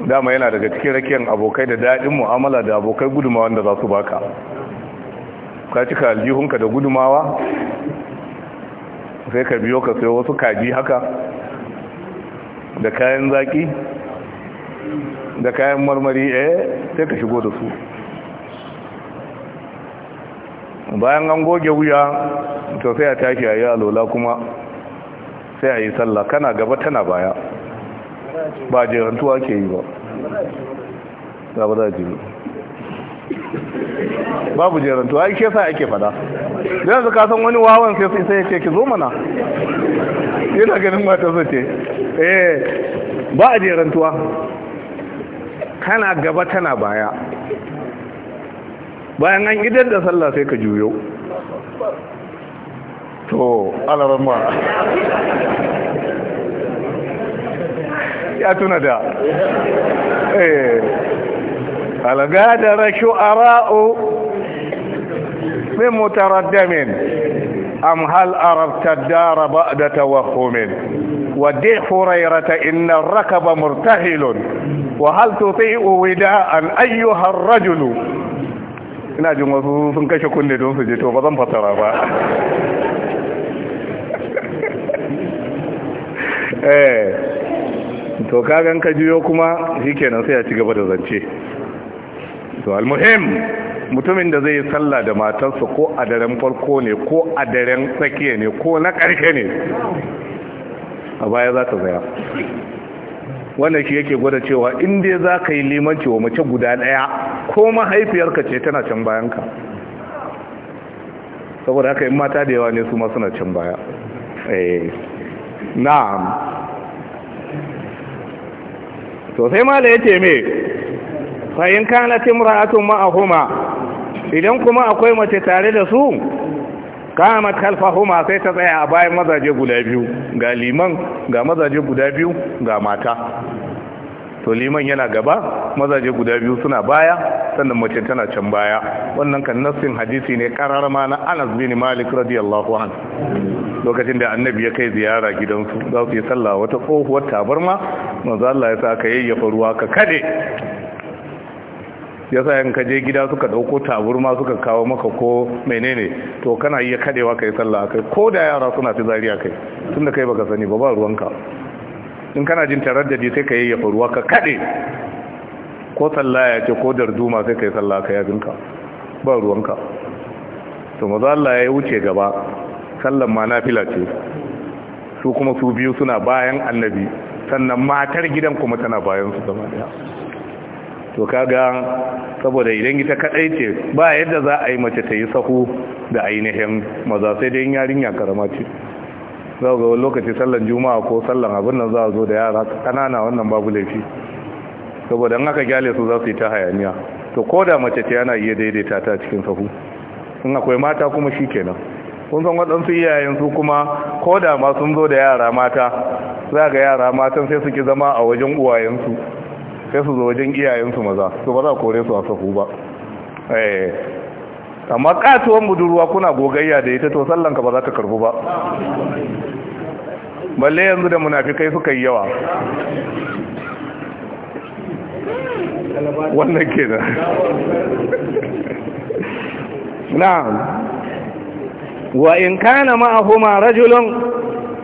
S1: dama yana daga cikin rakiyar abokai da daɗin mu'amala da abokai gudumawa da za su baka ka cika aljihunka da gudumawa sai ka biyo ka sayo wasu kaji haka da kayan zaki da kayan marmari eh sai ka shigo da su bayan an goge wuya to sai a tashi a yi alola kuma sai a yi sallah kana gaba tana baya ba jirantuwa ke yi ba gaba da jiru babu jirantuwa ai ke sa ake fada zai ka san wani wawan sai sai ce ki zo mana yana ganin matarsa ce eh ba a jerantuwa kana gaba tana baya bayan an idar da sallah sai ka juyo to alarama ya tuna da eh algadara shu'ara'u min mutaraddamin am hal arabta ad-dara ba'da tawahhumin ودع حريرة إن الركب مرتهل وهل تطيع وداء أيها الرجل ina jin wasu sun kashe kunne don su je to ba zan fasara ba eh to kagan ka jiyo kuma shikenan sai ya ci gaba da zance to almuhim mutumin da zai sallah da matarsa ko a daren farko ne ko a daren tsakiya ne ko na ƙarshe ne a baya za ta zaya wannan shi yake gwada cewa inda za ka yi limanci wa mace guda ɗaya ko mahaifiyarka ce tana can bayanka saboda haka yin mata da yawa ne su ma na can baya eh, na sosai ma da yake me fa'in kana timra'atun ma'ahuma idan kuma akwai mace tare da su kalfa huma sai ta tsaya a bayan mazaje guda biyu ga liman ga mazaje guda biyu ga mata to liman yana gaba mazaje guda biyu suna baya sannan mace tana can baya wannan kan nassin hadisi ne karar ma na Anas bin Malik radiyallahu anhu lokacin da annabi ya kai ziyara gidansu za su yi sallah wata tsohuwar tabarma manzo Allah ya sa ka yayyafa ruwa ka kade ya sa yanka je gida suka dauko taburma suka kawo maka ko menene to kana iya kadewa kai sallah kai ko da yara suna fi zariya kai tunda kai baka sani ba ba ruwanka in kana jin taraddadi sai ka yayyafa ruwa ka kaɗe, ko sallah ya ce ko darduma sai ka yi sallah ka yafinka ba ruwanka to maza Allah ya wuce gaba sallan ma nafila ce su kuma su biyu suna bayan annabi sannan matar gidan kuma tana bayan su zama daya to kaga saboda idan ita kadai ce ba yadda za a yi mace ta yi sahu da ainihin maza sai dai yarinya karama ce za ga wani lokaci sallan juma'a ko sallan abin nan za a zo da yara kanana wannan babu laifi saboda in aka gyale su za su yi ta hayaniya to ko da mace ce yana iya daidaita ta cikin sahu in akwai mata kuma shi kenan kun san waɗansu iyayen su kuma ko da ma sun zo da yara mata za ga yara matan sai suke zama a wajen uwayensu sai su zo wajen iyayensu maza to ba za a kore su a sahu ba eh. amma katuwan budurwa kuna gogayya da ita to sallanka ba za ta karbu ba balle yanzu da munafikai suka yi yawa wannan kenan na'am wa in kana ma'ahuma rajulun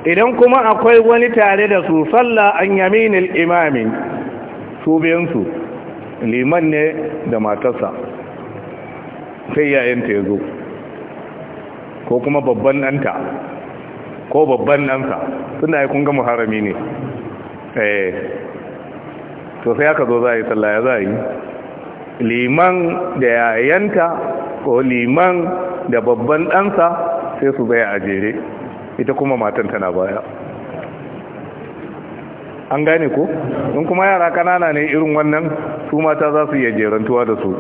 S1: idan kuma akwai wani tare da su salla an yaminin imamin su biyansu liman ne da matarsa sai yayanta ya zo ko kuma babban ɗanta ko babban ɗansa suna ya kunga muharami ne eh to sai aka zo za a yi tsalla ya za a yi liman da yayanta ko liman da babban ɗansa sai su zai a jere ita kuma matan tana baya an gane ko in kuma yara kanana ne irin wannan su mata za su yi jerantuwa da su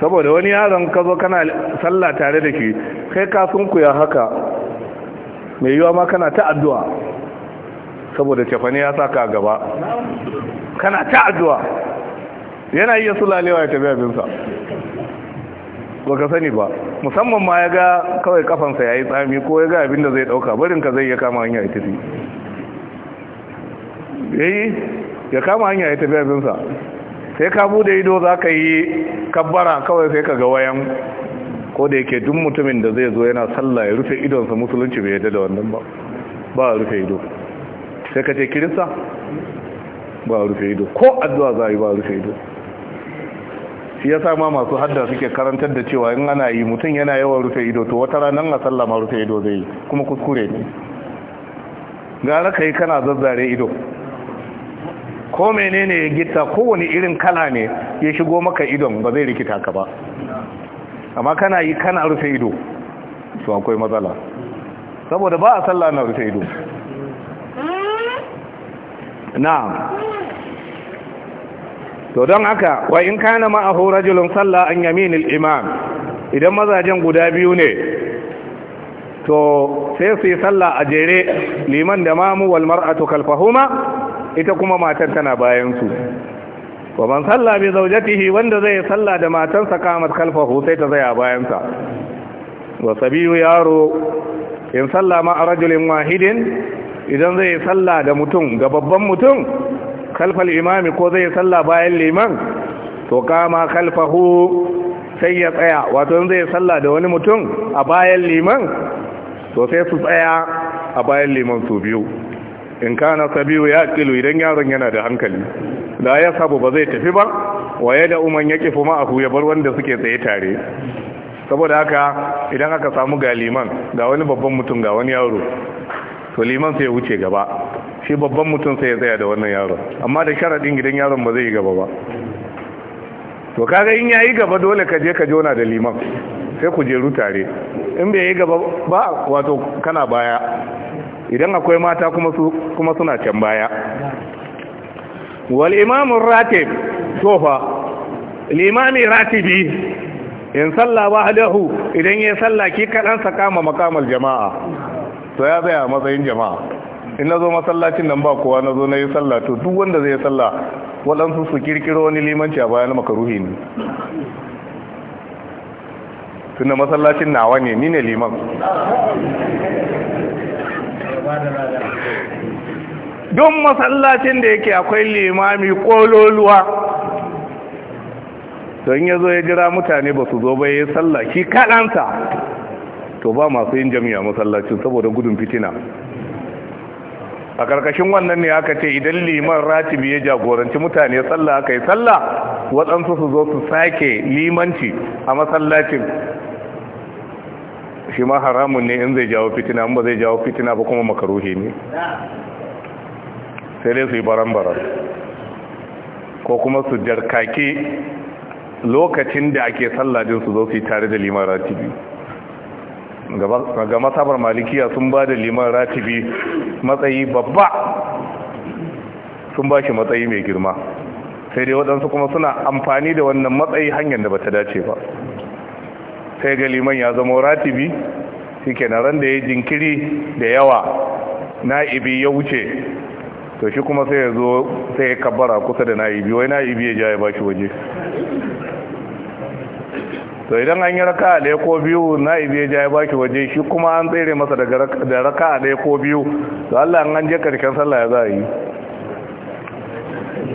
S1: saboda wani yaron ka zo kana sallah tare da ke kai ka sunkuya haka mai yiwa ma kana ta addu'a saboda cefane ya saka gaba kana ta addu'a yana iya sulalewa ya tafi abinsa ba ka sani ba musamman ma ya ga kawai kafansa ya yi tsami ko ya ga abin da zai dauka barinka zai ya kama hanya ya tafi ya kama hanya ya tafi abinsa sai ka bude ido za ka yi kabbara kawai sai ka ga wayan ko da yake duk mutumin da zai zo yana sallah ya rufe idonsa musulunci bai yadda da wannan ba ba rufe ido sai ka ce kirista ba rufe ido ko addu'a za a yi ba rufe ido shi ya sa ma masu hadda suke karantar da cewa in ana yi mutum yana yawan rufe ido to wata ranar a sallah ma rufe ido zai yi kuma kuskure ne gara ka yi kana zazzare ido ko menene ya ko kowane irin kala ne ya shigo maka idon ba zai rikita ka ba amma kana yi kana rufe ido Su akwai matsala saboda ba a sallah na rufe ido na to don haka wa in kana hura rajulun sallah an yaminil imam idan mazajen guda biyu ne to sai su yi sallah a jere liman da mamu walmar mar'atu kalfahuma ita kuma matar tana bayan su wa man salla bi zawjatihi wanda zai salla da matarsa kamat khalfahu sai ta zaya bayan sa wa sabiyu yaro in salla ma rajulin wahidin idan zai salla da mutum ga babban mutum khalfal imami ko zai salla bayan liman to kama khalfahu sai ya tsaya wato in zai salla da wani mutum a bayan liman to sai su tsaya a bayan liman su biyu in kana sabiu ya aqilu idan yaron yana da hankali da ya sabu ba zai tafi ba wa ya da ya yake ma ahu ya bar wanda suke tsaye tare saboda haka idan aka samu ga liman ga wani babban mutum ga wani yaro to liman sai ya wuce gaba shi babban mutum sai ya tsaya da wannan yaron amma da sharaɗin gidan yaron ba zai yi gaba ba to kaga in yayi gaba dole ka je ka jona da liman sai ku jeru tare in bai yi gaba ba wato kana baya idan akwai mata kuma su kuma suna can baya wal imamu ratib tofa limami ratibi in salla wahdahu idan ya salla ki kadan sa kama makamal jama'a to ya tsaya matsayin jama'a in nazo masallacin nan ba kowa nazo nayi salla to duk wanda zai salla waɗansu su kirkiro wani limanci a bayan makaruhi ne tunda masallacin nawa ne ni ne liman don masallacin da yake akwai limami kololuwa don ya zo ya jira mutane ba su zo ba ya sallaki kaɗansa to ba masu yin jami'a masallacin saboda gudun fitina a ƙarƙashin wannan ne aka ce idan liman ratibi ya jagoranci mutane ya salla aka yi sallah waɗansu su zo su sake limanci a masallacin shi ma haramun ne in zai jawo fitina ba zai jawo fitina ba kuma makaruhi ne sai dai su yi baran-baran ko kuma su jarkake lokacin da ake salladin su zo su yi tare da liman ratibi ga masabar malikiya sun ba da liman ratibi matsayi babba sun ba shi matsayi mai girma sai dai waɗansu kuma suna amfani da wannan matsayi hanyar da ba ta dace ba sai ga liman ya zama ratibi shi kenan da ya jinkiri da yawa na'ibi ya wuce to shi kuma sai ya zo sai ya kabbara kusa da na'ibi wai na'ibi ya ja ya ba shi waje to idan an yi raka ɗaya ko biyu na'ibi ya ja ya ba shi waje shi kuma an tsere masa da raka a ɗaya ko biyu to Allah an je karshen sallah ya za a yi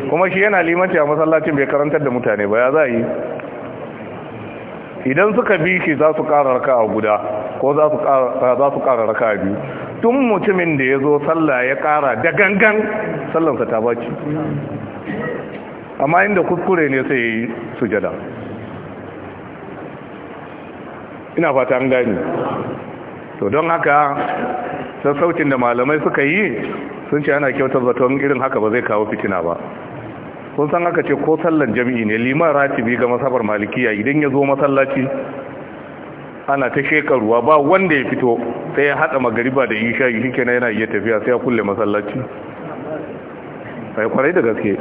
S1: kuma shi yana limanci a masallacin bai karantar da mutane ba ya za a yi idan suka bi shi za su ƙara raka a guda ko za su ƙara raka a biyu tun mutumin da ya zo sallah ya ƙara da gangan sallansa ta baci amma inda kuskure ne sai yi sujada ina fata an gani to don haka sassaucin da malamai suka yi sun ce ana kyautar zaton irin haka ba zai kawo fitina ba kun san aka ce ko sallan jami'i ne liman ratibi ga masabar malikiya idan ya zo masallaci ana ta shekaruwa ba wanda ya fito sai ya haɗa magariba da isha yi shike yana iya tafiya sai ya kulle masallaci sai kwarai da gaske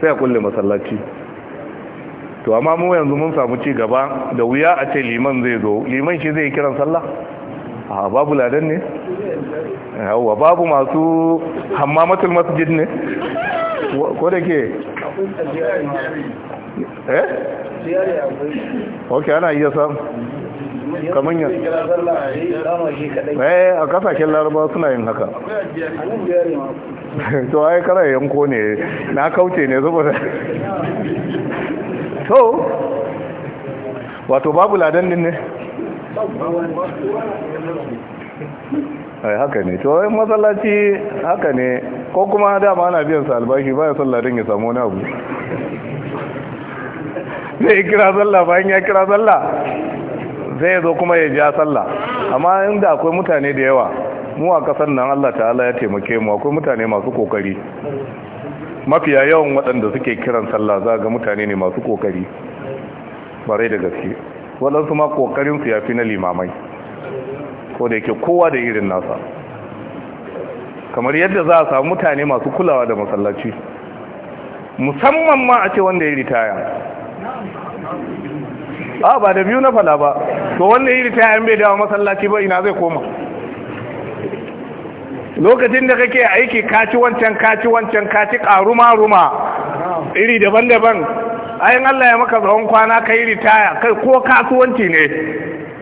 S1: sai ya kulle masallaci to amma mu yanzu mun samu ci gaba da wuya a ce liman zai zo liman shi zai kiran sallah a babu ladan ne yawa babu masu hammamatul masjid ne ko da ke
S2: eh
S1: ok ana iya sam kamar yin eh a kasashen laraba suna yin haka to ai kara yanko ne na kauce ne saboda to wato babu ladan ne haka ne to wai masallaci haka ne ko kuma dama ana biyan sa albashi baya sallah din ya samu wani abu zai kira sallah bayan ya kira sallah zai zo kuma ya ja sallah amma inda akwai mutane da yawa mu a kasar nan Allah ta'ala ya taimake mu akwai mutane masu kokari mafiya yawan waɗanda suke kiran sallah za ga mutane ne masu kokari bare da gaske waɗansu ma kokarin su yafi na limamai ko da yake kowa da irin nasa kamar yadda za a samu mutane masu kulawa da masallaci musamman ma a ce wanda ya ritaya a ba da biyu na fada ba to wanda ya ritaya bai dawo masallaci ba ina zai koma lokacin da kake aiki kaci wancan kaci wancan kaci karuma ruma iri daban-daban ayin Allah ya maka tsawon kwana kai ritaya kai ko kasuwanci ne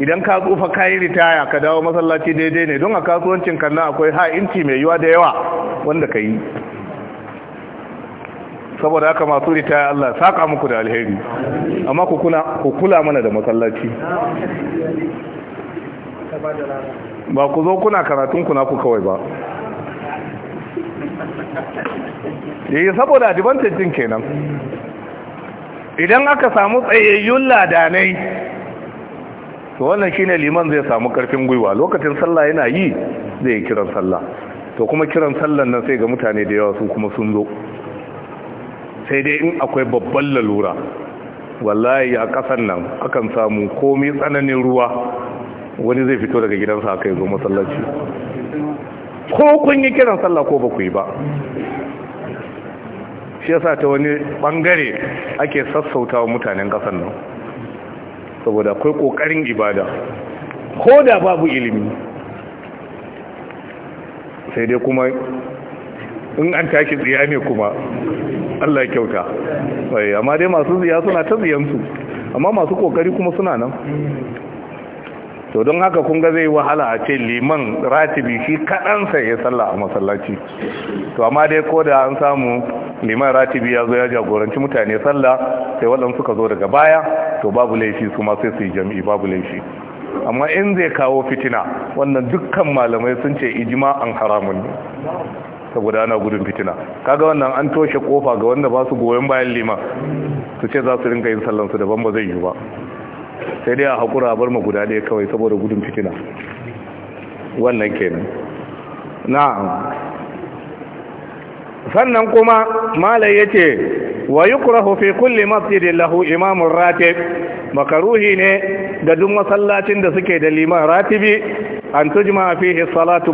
S1: idan ka tsufa kayi ritaya ka dawo masallaci daidai ne don a kasuwancin kanna akwai ha inci mai yiwa da yawa wanda ka yi saboda haka masu ritaya Allah saka muku da alheri amma ku kula mana da masallaci ba ku zo kuna karatun kuna ku kawai ba yayi eh, saboda advantage kenan idan aka samu tsayayyun ladanai to wannan shine liman zai samu karfin gwiwa lokacin sallah yana yi zai kiran sallah to kuma kiran sallan nan sai ga mutane da yawa su kuma sun zo sai dai in akwai babban lalura wallahi a kasan nan akan samu komai tsananin ruwa wani zai fito daga gidansa aka yi zo masallaci ko kun yi kiran sallah ko ba ku yi ba shi yasa ta wani bangare ake sassautawa mutanen kasan nan saboda akwai kokarin ibada ko da babu ilimi sai dai kuma in an tashi tsiya ne kuma Allah kyauta amma dai masu tsiya suna ta tsiyansu amma masu kokari kuma suna nan to don haka kun ga zai wahala a ce liman ratibi shi kaɗansa ya salla a masallaci to amma dai ko da an samu liman ratibi ya zo ya jagoranci mutane sallah sai waɗansu ka zo daga baya to babu laifi su ma sai su yi jami'i babu laifi amma in zai kawo fitina wannan dukkan malamai sun ce ijima an haramun ne saboda ana gudun fitina kaga wannan an toshe kofa ga wanda ba su goyon bayan liman su ce za su rinka yin sallansu daban ba zai yi ba sai dai a haƙura bar ma guda ɗaya kawai saboda gudun fitina wannan kenan na'am sannan kuma malai yace wa yukrahu fi kulli masjidin lahu imamun ratib makaruhi ne da duk masallacin da suke da liman ratibi an tujma fihi salatu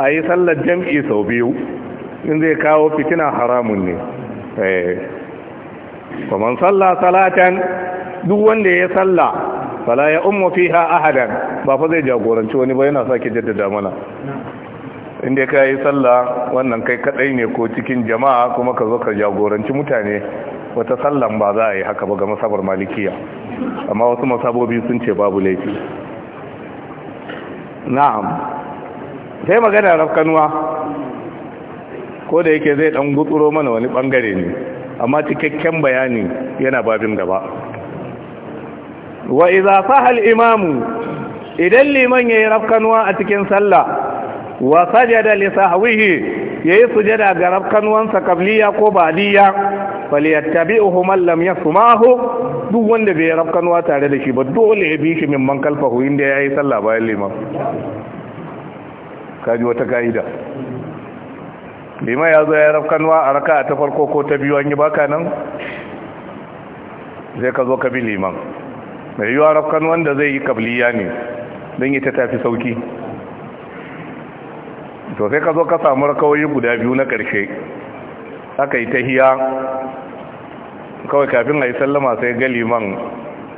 S1: A ayi sallar jam'i sau biyu in zai kawo fitina haramun ne eh kuma salatan duk wanda ya salla fala ya ummu fiha ahadan ba fa zai jagoranci wani ba yana sake jaddada mana inda ka yi sallah wannan kai kadai ne ko cikin jama'a kuma ka zo ka jagoranci mutane wata sallan ba za a yi haka ba ga masabar malikiya amma wasu masabobi sun ce babu laifi na'am sai magana rafkanuwa ko da yake zai dan gutsuro mana wani bangare ne amma cikakken bayani yana babin gaba wa idza sahal imamu idan liman yayi rafkanuwa a cikin sallah wa sajada li sahwihi yayi sujada ga wansa kabliya ko badiya falyattabi'uhu man lam yasmahu duk wanda bai wa tare da shi ba dole ya bi shi min man kalfahu inda yayi sallah bayan liman kaji wata kaida liman ya zo ya wa a raka'a ta farko ko ta biyu an yi baka nan zai ka zo ka bi liman mai yiwuwa rabkan da zai yi kabliya ne don yi ta tafi sauki to sai ka zo ka samu rakawoyi guda biyu na ƙarshe aka yi hiya, kawai kafin a yi sallama sai ga liman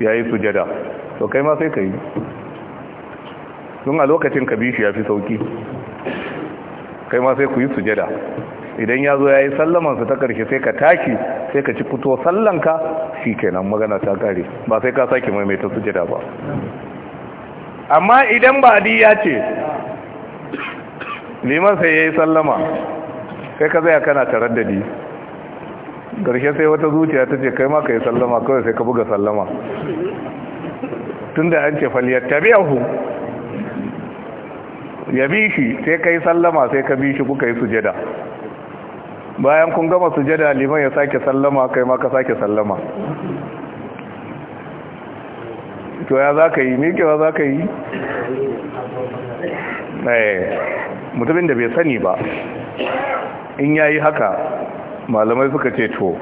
S1: ya yi sujada to kai ma sai ka yi tun a lokacin ka bishi ya fi sauki kai ma sai ku yi sujada idan ya zo ya yi sallamansa ta ƙarshe sai ka tashi sai ka ci fito sallanka shi kenan magana ta ƙare ba sai ka sake maimaita sujada ba amma idan ba ya ce liman sai ya yi sallama kai ka zaya kana taraddadi ƙarshe sai wata zuciya ta ce kai ma ka yi sallama kawai sai ka buga sallama tun da an ce faliyar tabi'ahu ya bi shi sai ka yi sallama sai ka bi shi kuka yi sujada bayan kun gama sujada liman ya sake sallama kai ma ka sake sallama to ya za ka yi mikewa za ka yi Eh, mutumin da bai sani ba in ya yi haka malamai suka ce to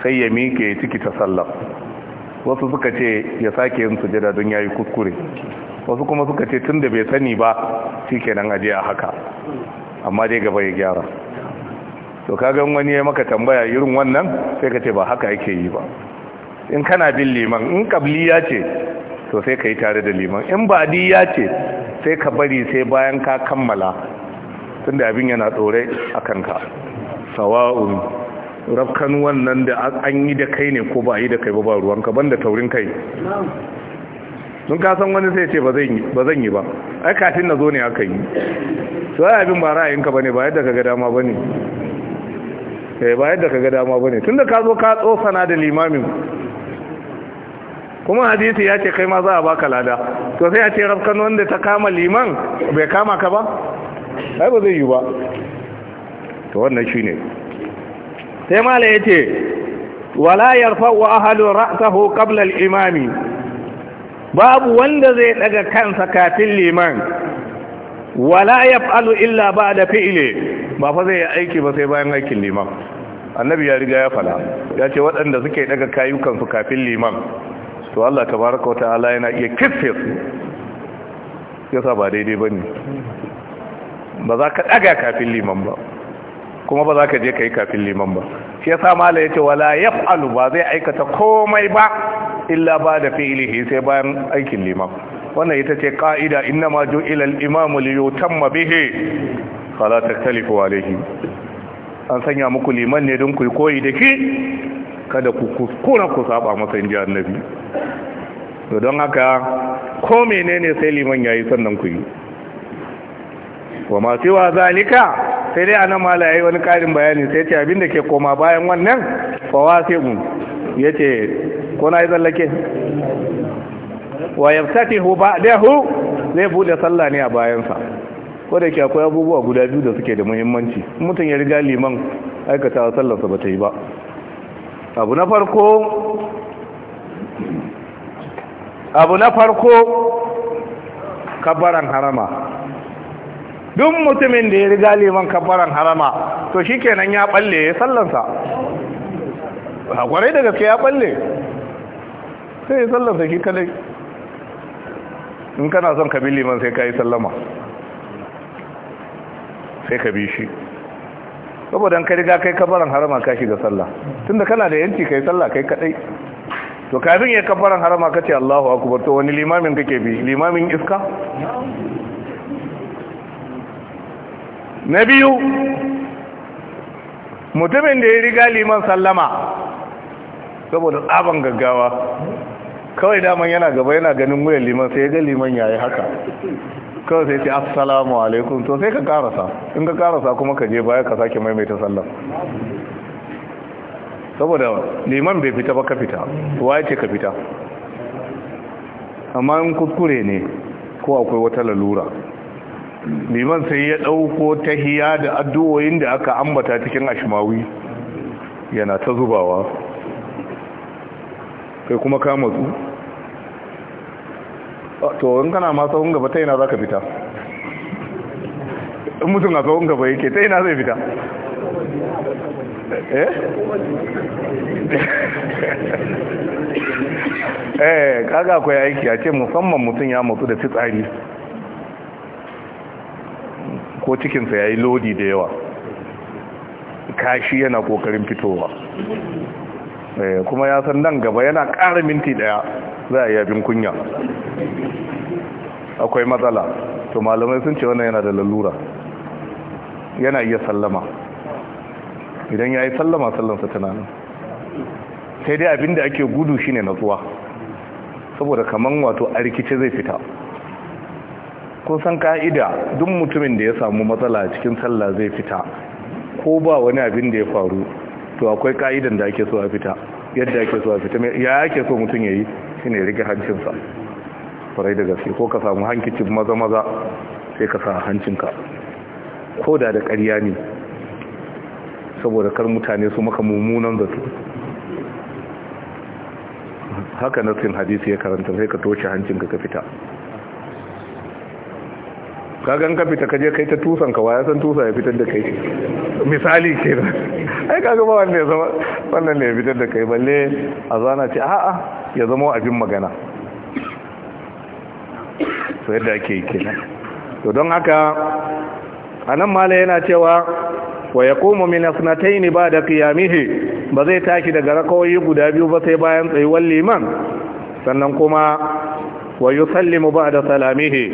S1: sai ya miƙe ciki ta sallar, wasu suka ce ya sake yin sujada don ya yi kuskure wasu kuma suka ce tun da bai sani ba kenan aje a haka amma dai gaba ya gyara to kagan wani ya maka tambaya irin wannan sai ka ce ba haka yake yi ba in kana bin liman in ya ce to sai ka yi tare da liman in ba ya ce sai ka bari sai bayan ka kammala tunda abin yana tsore a kanka sawa'un rafkan wannan da an yi da kai ne ko ba yi da kai ba ba ban banda taurin kai sun kasan wani sai ce ba zan yi ba ai kafin na zo ne aka yi su ai abin ba ra'ayinka ba ne ba yadda ka ga dama ba ne eh, ba yadda ka ga dama ba ne tun da ka zo ka tsosana da limamin kuma hadisi ya ce kai ma za a baka lada to sai a ce rafkan wanda ta kama liman bai kama ka ba ai ba zai yi ba to wannan shi ne. sai mala ce wala wa ahalu ra'sahu qabla al-imami babu wanda zai daga kansa kafin liman wala yaf'alu illa ba'da fi'li ba fa zai aiki ba sai bayan aikin liman annabi ya riga ya fala ya ce waɗanda suke daga su kafin liman to Allah ta baraka wata ala yana iya kifir su yasa ba daidai bane ba za ka daga kafin liman ba kuma ba za ka je ka yi kafin liman ba shi yasa mala ce wala yaf'alu ba zai aikata komai ba illa ba da fi'lihi sai bayan aikin liman wannan ita ce ka'ida ma ju'ila ilal imamu li yutamma ta fala taktalifu alayhi an sanya muku liman ne don ku koyi da shi. kada ku kuskura ku saba masa inji annabi don haka ko menene sai liman yayi sannan ku yi wa ma siwa zalika sai dai anan mala yayi wani karin bayani sai ce abinda ke koma bayan wannan fa wasiqun yace ko na yi zallake wa yaftatihu ba'dahu zai bude sallah ne a bayansa ko da ke akwai abubuwa guda biyu da suke da muhimmanci mutum ya riga liman aikata sallarsa ba ta yi ba abu na farko abu na farko kabaran harama duk mutumin da ya riga liman kabaran harama to shikenan ya balle ya sallansa hakwarai da gaske ya balle sai ya sallansa shi kadai in kana son ka bi liman sai ka yi sallama sai ka bi shi saboda ka riga kai kafaran harama ka shiga sallah tunda kana da yanci kai sallah kai kadai to kafin ya kafaran harama ka ce Allahu akbar to wani limamin kake bi limamin iska na biyu mutumin da ya riga liman sallama saboda tsaban gaggawa kawai daman yana gaba yana ganin wuyan liman sai ya ga liman yayi haka kawai sai ce assalamu alaikum to sai ka karasa in ka karasa kuma ka je baya ka sake maimaita sallar saboda liman bai fita ba ka fita waye ce ka fita amma in kuskure ne ko akwai wata lalura liman sai ya dauko ta hiya da addu'o'in da aka ambata cikin ashimawi yana ta zubawa kai kuma ka matsu to in kana ma tsawon gaba ta yana za ka fita in mutum a tsawon gaba yake ta yana zai fita eh? eh kaga akwai aiki a ce musamman mutum ya mutu da fitsari ko cikinsa ya yi lodi da yawa kashi yana kokarin fitowa eh, kuma ya san nan gaba yana ƙara minti daya za a yi abin kunya akwai matsala to malamai sun ce wannan yana da lalura yana iya sallama idan ya yi sallama sallansa tunanin sai dai abin da ake gudu shine natsuwa saboda kaman wato a rikice zai fita kun san ka'ida duk mutumin da ya samu matsala cikin sallah zai fita ko ba wani abin da ya faru to akwai ka'idan da ake so a fita yadda ake so a fita ya ake so mutum ya yi shine rike hancinsa farai da gaske ko ka samu hankicin maza maza sai ka sa hancinka ko da da ƙarya ne saboda kar mutane su maka mummunan zato haka nasin hadisi ya karanta sai ka toshe hancinka ka fita Ka gan ka fita ka je kai ta tusan ka waya san tusa ya fitar da kai misali kenan ai kaga ba wanda ya zama wannan ne ya fitar da kai balle a zana ce a'a ya zama abin magana so yadda ake yi kenan to don haka anan mala yana cewa wa yaqumu min asnatayn ba'da qiyamih ba zai tashi daga rakawoyi guda biyu ba sai bayan tsayuwar liman sannan kuma mu ba da salamihi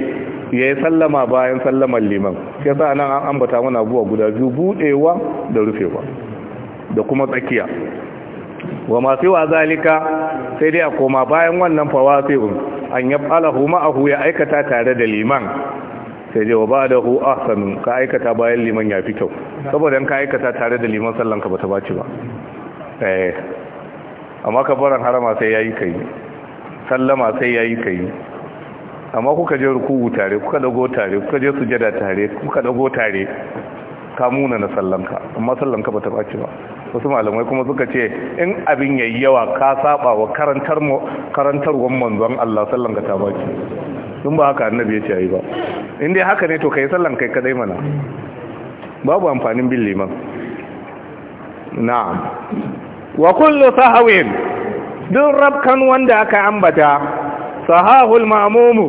S1: ya yi sallama bayan sallamar liman yasa nan an ambata mana buwa guda biyu budewa da rufewa da kuma tsakiya wa masu wa zalika sai dai a koma bayan wannan fawasihun an yaf'alahu ma'ahu ya aikata tare da liman sai dai wa a sanu ka aikata bayan liman ya fi kyau saboda in ka aikata tare da liman sallanka ba ta ba ci ba amma ka baran harama sai ya yayi kai sallama sai yayi yi amma kuka je ruku'u tare kuka dago tare kuka je sujada tare kuka dago tare ka muna na sallanka amma sallanka bata ɓace ba wasu malamai kuma suka ce in abin yayi yawa ka saba wa karantar mu karantarwar manzon Allah sallanka ta ɓace in ba haka annabi ya ce yi ba in dai haka ne to ka yi sallan ka dai mana babu amfanin bin liman na'am wa kullu sahawin duk rabkan wanda aka ambata sahahul mamumu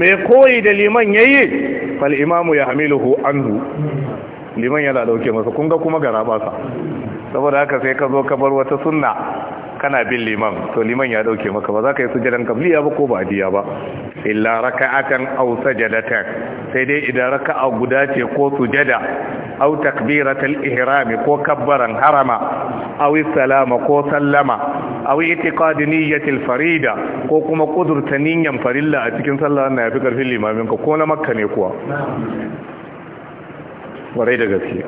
S1: mai koyi da liman yayi fal imamu ya hamiluhu anhu liman yana dauke masa kunga kuma garabasa saboda haka sai ka zo ka bar wata sunna kana bin liman to liman ya dauke maka ba za ka yi sujadan kabliya ba ko ba adiya ba illa raka'atan aw sajadatan sai dai idan raka'a guda ce ko sujada aw takbiratul ihram ko kabbaran harama aw salama ko sallama aw itiqad niyyatil farida ko kuma kudurta niyyan farilla a cikin sallah na yafi karfin limamin ka ko na makka ne kuwa warai da gaskiya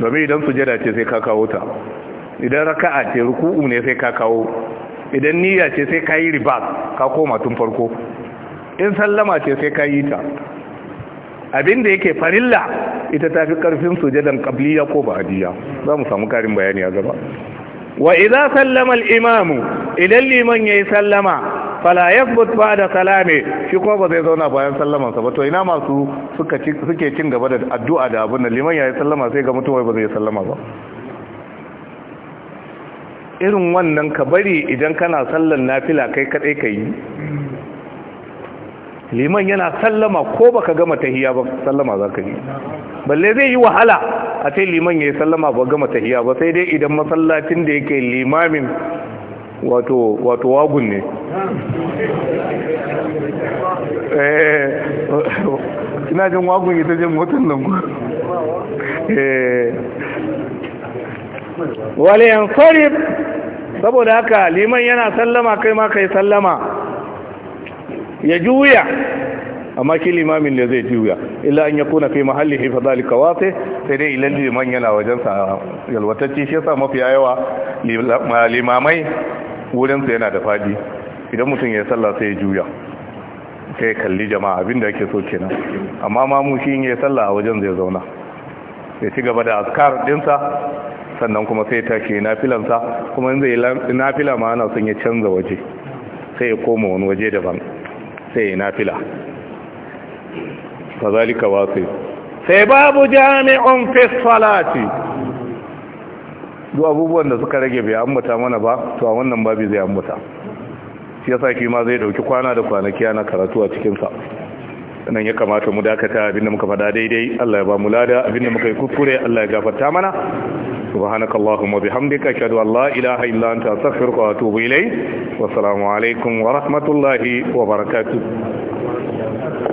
S1: domin idan sujada ce sai ka kawo ta idan raka'a ce ruku'u ne sai ka kawo idan niyya ce sai ka yi ribas ka koma tun farko in sallama ce sai ka yi ta abin da yake farilla ita ta fi karfin sujadan qabliya ko ba'diya za mu samu karin bayani a gaba wa idza sallama al-imamu idan liman yayi sallama fala yathbut ba'da kalame shi ko ba zai zauna bayan sallaman sa ba to ina masu suka suke cin gaba da addu'a da abin da liman yi sallama sai ga mutum ba zai sallama ba irin wannan ka bari idan kana sallan nafila kai kadai ka yi liman yana sallama ko baka gama tahiya ba sallama za ka yi balle zai yi wahala a ce liman ya yi sallama ba gama tahiya ba sai dai idan masallacin da yake limamin wato wato wagun ne eh, ina jin wagun ita jin mutum nan ku
S2: wale yan fari saboda haka liman yana sallama kai ma kai sallama
S1: ya juya amma ki limamin da zai juya illa an ya kuna fi mahallihi fa zalika wafe. sai dai ilan liman yana wajen sa shi yasa mafiya yawa limamai wurin yana da fadi idan mutum ya sallah sai ya juya sai kalli jama'a abinda yake so kenan amma ma mu ya sallah a wajen zai zauna ya ci gaba da askar dinsa sannan kuma sai ta ke nafilansa kuma in zai nafila ma ana son ya canza waje sai ya koma wani waje daban sai ya nafila kazalika wasu sai babu jami'un fesfalati salati duk abubuwan da suka rage bai ambata mana ba to a wannan babu zai ambata shi sa kima zai dauki kwana da kwanaki ana karatu a cikinsa. nan ya kamata mu dakata abinda muka fada daidai Allah ya ba mu lada abinda muka yi kuskure Allah ya gafarta mana subhanakallahumma bihamdika ashhadu an la ilaha illa anta astaghfiruka wa atubu ilayk wa assalamu alaikum wa rahmatullahi wa barakatuh